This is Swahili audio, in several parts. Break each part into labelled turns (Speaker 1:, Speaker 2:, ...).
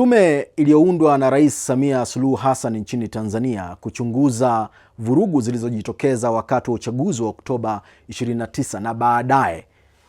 Speaker 1: Tume iliyoundwa na Rais Samia Suluhu Hassan nchini Tanzania kuchunguza vurugu zilizojitokeza wakati wa uchaguzi wa Oktoba 29 na baadaye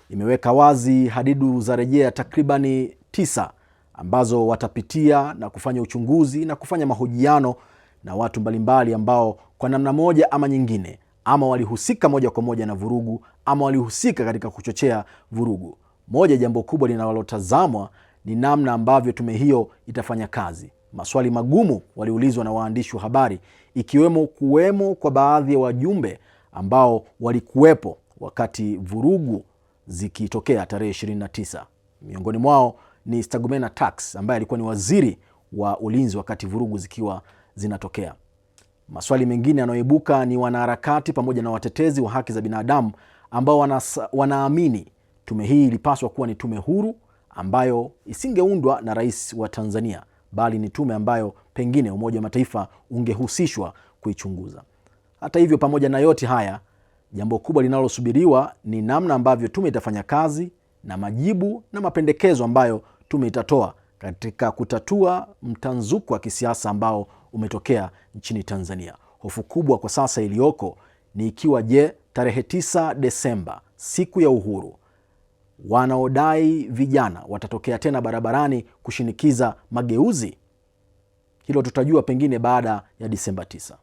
Speaker 1: imeweka wazi hadidu za rejea takribani tisa ambazo watapitia na kufanya uchunguzi na kufanya mahojiano na watu mbalimbali ambao kwa namna moja ama nyingine ama walihusika moja kwa moja na vurugu ama walihusika katika kuchochea vurugu. Moja jambo kubwa linalotazamwa ni namna ambavyo tume hiyo itafanya kazi. Maswali magumu waliulizwa na waandishi wa habari, ikiwemo kuwemo kwa baadhi ya wa wajumbe ambao walikuwepo wakati vurugu zikitokea tarehe 29. Miongoni mwao ni Stergomena Tax ambaye alikuwa ni waziri wa ulinzi wakati vurugu zikiwa zinatokea. Maswali mengine yanayoibuka ni wanaharakati pamoja na watetezi wa haki za binadamu ambao wanaamini tume hii ilipaswa kuwa ni tume huru ambayo isingeundwa na rais wa Tanzania, bali ni tume ambayo pengine Umoja wa Mataifa ungehusishwa kuichunguza. Hata hivyo, pamoja na yote haya, jambo kubwa linalosubiriwa ni namna ambavyo tume itafanya kazi na majibu na mapendekezo ambayo tume itatoa katika kutatua mtanzuko wa kisiasa ambao umetokea nchini Tanzania. Hofu kubwa kwa sasa iliyoko ni ikiwa, je, tarehe 9 Desemba, siku ya uhuru wanaodai vijana watatokea tena barabarani kushinikiza mageuzi? Hilo tutajua pengine baada ya Disemba 9.